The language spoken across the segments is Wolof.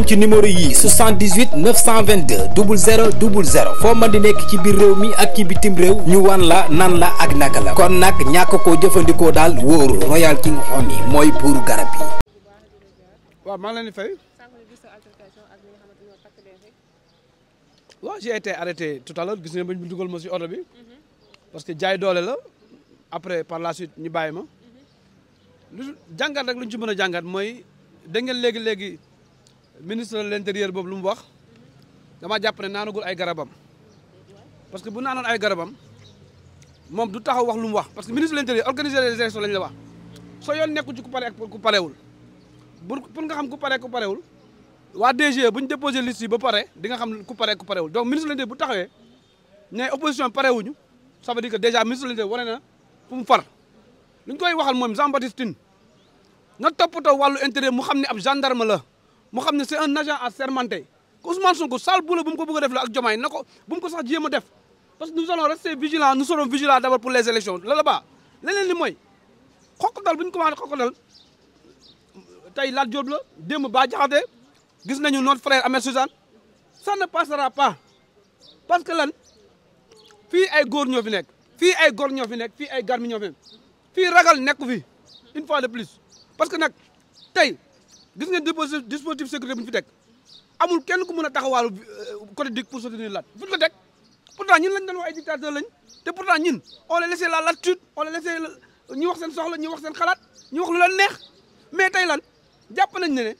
moom ci numéro yii 78 922 00 00 foo mën di nekk ci biir réew mi ak ci bitim réew ñu wan la nan la ak naka la kon nak ñàkk ko jëfandikoo daal wóoru Royal King Honey mooy buuru garab yi. waaw maa ngi leen di fay. waaw été arrêté tout à l'heure ba ñu dugal ma si bi parce que jaay doole la après par la suite ñu bàyyi ma lu jàngat rek lu ñu ci mën a jàngat mooy da léegi léegi. ministre de l'intérieur boobu lu mu wax dama jàpp ne naanagul ay garabam parce que bu naanoon ay garabam moom du taxaw wax lu mu wax parce que ministre de l'intérieur organiser les élections lañ la wax soo yoon nekkul ku pare ak ku parewul pour pour nga xam ku pare ku parewul waa DG bu ñu déposé liste yi ba pare di nga xam ku pare ku parewul donc ministre de l'intérieur bu taxawee ne opposition parewuñu ça veut dire que déjà ministre de l'intérieur wane na fu mu far lu ñu koy waxal moom Jean Baptiste Tine na toppatoo wàllu intérieur mu xam ne ab gendarme la mu xam ne c'est un agent assermenté Ousmane Sonko sale boulot bu mu ko bëgg a def la ak Diomaye na ko bu ko sax jéem a def parce que nous allons rester vigilants nous serons vigilants d'abord pour les élections là-bas leneen li mooy xoqatal bu ñu commencé xoqatal tey Lat Diop la démb Bah Diakhaté gis nañu notre frère Ahmed Suzanne ça ne passera pas parce que lan fii ay góor ñoo fi nekk fii ay góor ñoo fi nekk fii ay garmi ñoo nekk fii ragal nekku fi une fois de plus parce que nag tey gis ngeen dispositif dispositif sécurité bu ñu fi teg amul kenn ku mën a taxawaalu euh, côté DIC pour soutenir Lat fu ñu ko teg pourtant ñun lañ doon wax ay dictateur lañ te pourtant ñun on les laissé la latitude on les laissé ñu wax seen soxla ñu wax seen xalaat ñu wax lu leen neex mais tey lan jàpp nañ ne ne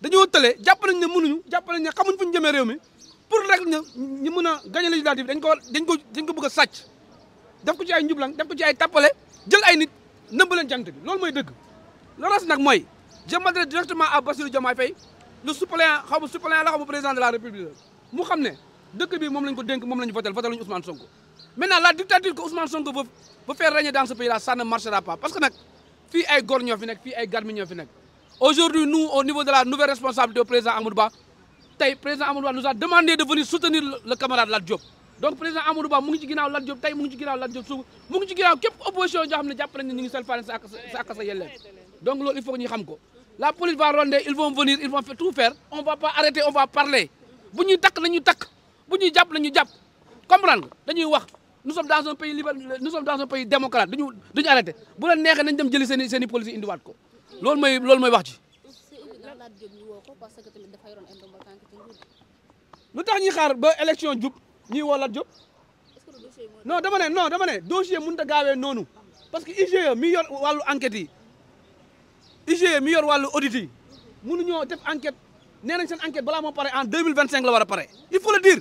dañoo tële jàpp nañ ne mënuñu jàpp nañ ne xamuñ fu ñu jëmee réew mi pour rek ñu ñu mën a gagné législative dañ ko dañ ko dañ ko bëgg a sàcc def ko ci ay njublang def ko ci ay tappale jël ay nit nëmb leen jant loolu mooy dëgg loolu nag mooy je m'adresse directement à Bassirou Diomaye Faye le suppléant xaw ma suppléant de la république mu xam ne dëkk bi moom lañ ko dénk moom lañu votel votel lañu Ousmane Sonko maintenant la dictature que Ousmane Sonko veut veut faire dans ce pays là ça ne parce que nag fii ay góor ñoo fi nekk fii ay garmi ñoo fi nekk aujourd'hui nous au niveau de la nouvelle responsabilité a demandé de venir soutenir le camarade Ba tey mu ngi ci ginnaaw Lat sa ak sa yelleef donc loolu la police va ronder ils vont venir ils vont tout faire on va pas arrêter on va parler bu ñuy takk nañu takk bu ñuy jàpp nañu jàpp comprendre nga dañuy wax nu sommes dans un pays libéral nous sommes dans un pays démocrate duñu duñu bu neexee nañ jëli seen i i police indiwaat ko loolu mooy loolu mooy wax ci lu tax ñuy xaar ba élection jub ñuy woo Lat Diop non dama ne non dama ne dossier mënut a gaawee noonu parce que IGE mi yor wàllu enquête yi IGE mi yor wàllu audit yi mënuñoo def enquête nee nañ seen enquête balaa moo pare en deux vingt cinq la war a pare il faut le dire.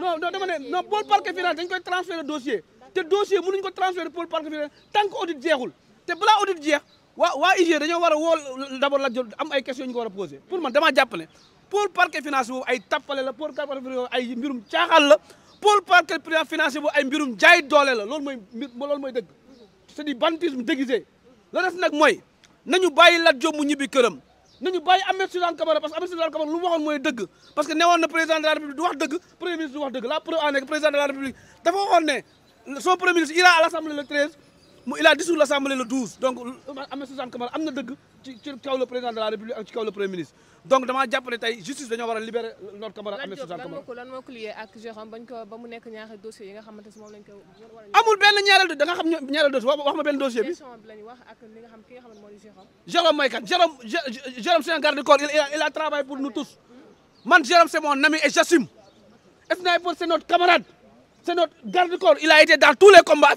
non non dama ne non pôle parquet finance dañ koy transférer dossier te dossier mënuñ ko transférer pôle parquet finance tant audit jeexul te balaa audit jeex waa waa IGE dañoo war a woo d' abord am ay questions ñu ko war a posé pour man damaa jàpp ne pôle parquet finance boobu ay tappale la pôle parquet finance ay mbirum caaxaan la pôle parquet finance boobu doole la loolu mooy mbir loolu mooy dëgg c' est du banditisme mooy. nañu bàyyi Lat Diop mu ñibbi këram nañu bàyyi Ahmed Suzanne Camara parce que Ahmed Suzanne Camara lu mu mooy dëgg parce que newoon na président de la république du wax dëgg premier ministre du wax dëgg la preuve en est président de la république dafa waxoon son premier ministre ira à l' assemblée le mu il a dissous l'Assemblée le 12 donc am na Suzanne Camara am na dëgg ci ci la premier ministre donc damaa jàpp ne justice dañoo war a libérer notre Camara am na Suzanne ak Jérôme ba mu nekk ñaari dossier yi nga benn ñaareel da wax ma benn dossier bi lañ wax kan Jérôme Jérôme c'est un garde corps il a travaillé pour nous tous man Jérôme c'est mon ami et j'assume Sniper c'est notre camarade c'est notre garde corps il a été dans tous les combats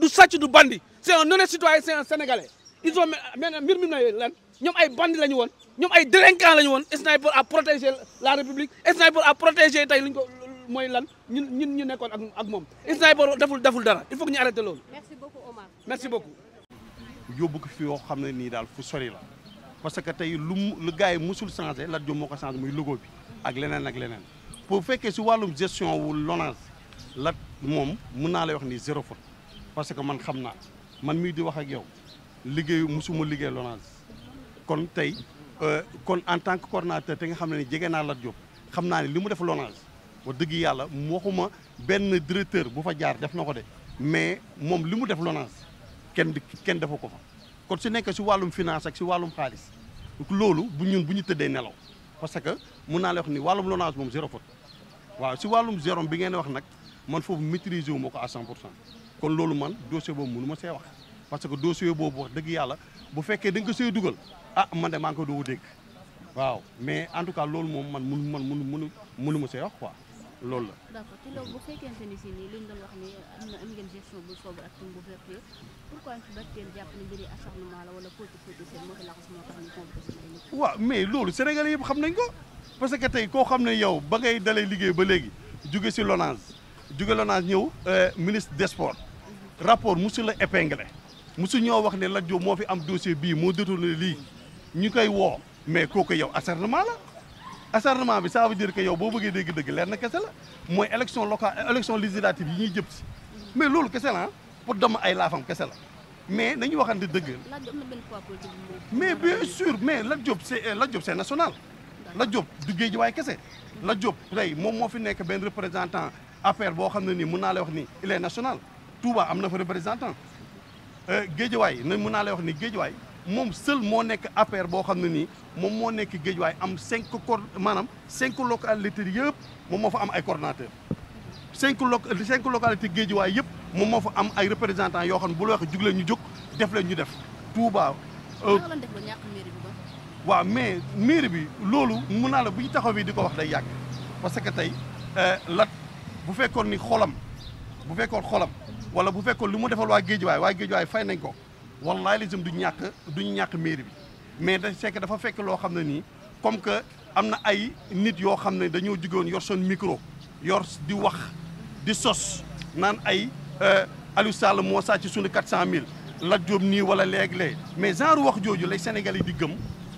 du sàcc du bandi c'est un honnête citoyen c'est un sénégalais ils ont maintenant mbir mi ne lan ñoom ay bandi la ñu woon ñoom ay délinquant la ñu woon sniper à protéger la république sniper à protéger tey liñ ko mooy lan ñun ñun ñu nekkoon ak ak moom sniper deful deful dara il faut que ñu arrêté loolu. merci beaucoup Omar. merci beaucoup. ko fi yoo xam ne nii daal fu sori la parce que tey lu mu lu gars yi musul changé Lat Diop moo ko changé muy logo bi ak leneen ak leneen pour fekkee si wàllum gestion wul LONASE Lat moom mun naa lay wax ni zéro faute parce que man xam naa man mii di wax ak yow liggéeyu musuma liggéey Lonase kon tey euh, kon en tant que coordonnateur te nga xam ne ni jege naa Lat Diop xam naa ne li mu def Lonase wax dëgg yàlla waxuma benn directeur bu fa jaar def na ko de mais moom li mu def Lonase kenn kenn defu ko fa kon si nekk si wàllum finance ak si wàllum xaalis loolu bu ñun bu ñu tëddee nelaw parce que mun naa la ni wàllum Lonase moom zéro faute waaw si wàllum zéro bi ngeen wax nag man foofu maîtriser wu ma ko à 100 kon loolu man dossier boobu mënu ma see wax parce que dossier boobu wax dëgg yàlla bu fekkee da ko see dugal ah man de maa ngi ko doog a dégg waaw mais en tout cas loolu moom man mënu man mënu mënu mënu ma see wax quoi loolu la. d'accord te loolu bu mais loolu Sénégalais yëpp xam nañ ko parce que tey koo xam ne yow ba ngay dalee liggéey ba léegi jóge si LONASE jóge LONASE ñëw euh, ministre des rapport musu la épinglé musu ñoo wax ne Lat Diop moo fi am dossier bii moo détourné lii ñu koy woo mais kooku yow acharnement la acharnement bi ça veut dire que yow boo bëggee dégg-dëgg leer na kese la mooy élection locale élection législative yi ñuy jëm si mais loolu kese la pour dama ay laafam kese la mais nañu waxante dëgg. mais bien sûr mais Lat Diop c' est Lat Diop c' national. Lat Diop du géej waay kese. Lat Diop tey moom moo fi nekk benn représentant affaire boo xam ne nii mun naa lay wax ni il national. Touba am na fa représentant euh, Géejawaay na mën naa lay wax ni Géejawaay moom seul moo nekk APR boo xam ne nii moom moo nekk Géejawaay am cinq cor maanaam cinq localités yëpp moom moo fa am ay coordonnateur cinq lo cinq localités Géejawaay yëpp moom moo fa am ay représentant yoo xam ne bu la waxee jug leen ñu jóg def leen ñu def Touba. Euh, waaw mais mairie bi loolu mun naa la bu ñu taxaw bi di ko wax day yàgg parce que tey euh, lat bu fekkoon ni xolam bu fekkoon xolam. wala bu fekkoon lu mu defal waa géejuwaay waa géejuwaay fay nañ ko wallaay lisum du ñàkk duñu ñàkk mairie bi mais da c'est dafa fekk loo xam ne nii comme que am na ay nit yoo xam ne dañoo jugoon yor seen micro yor di wax di sos naan ay euh, Aliou Sall moo sàcc suñu quatre cent mille la jóob nii wala léeg mais genre wax jooju lay Sénégal yi di gëm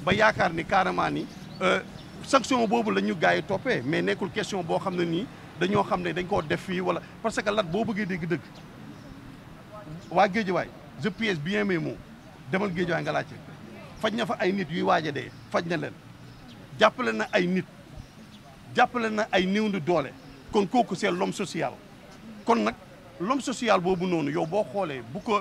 ba yaakaar ni carrément ni euh, sanction boobu la ñu gars yi toppee mais nekkul question boo xam ne nii dañoo xam ne dañ koo def fii wala parce que lat boo bëggee dégg dëgg waa géejawaay je pèse bien mes mots demal géejawaay nga laajte faj na fa ay nit yu waaj a dee faj na leen jàppale na ay nit jàppale na ay néew di doole kon kooku c'est l'homme social kon nag l'homme social boobu noonu yow boo xoolee bu ko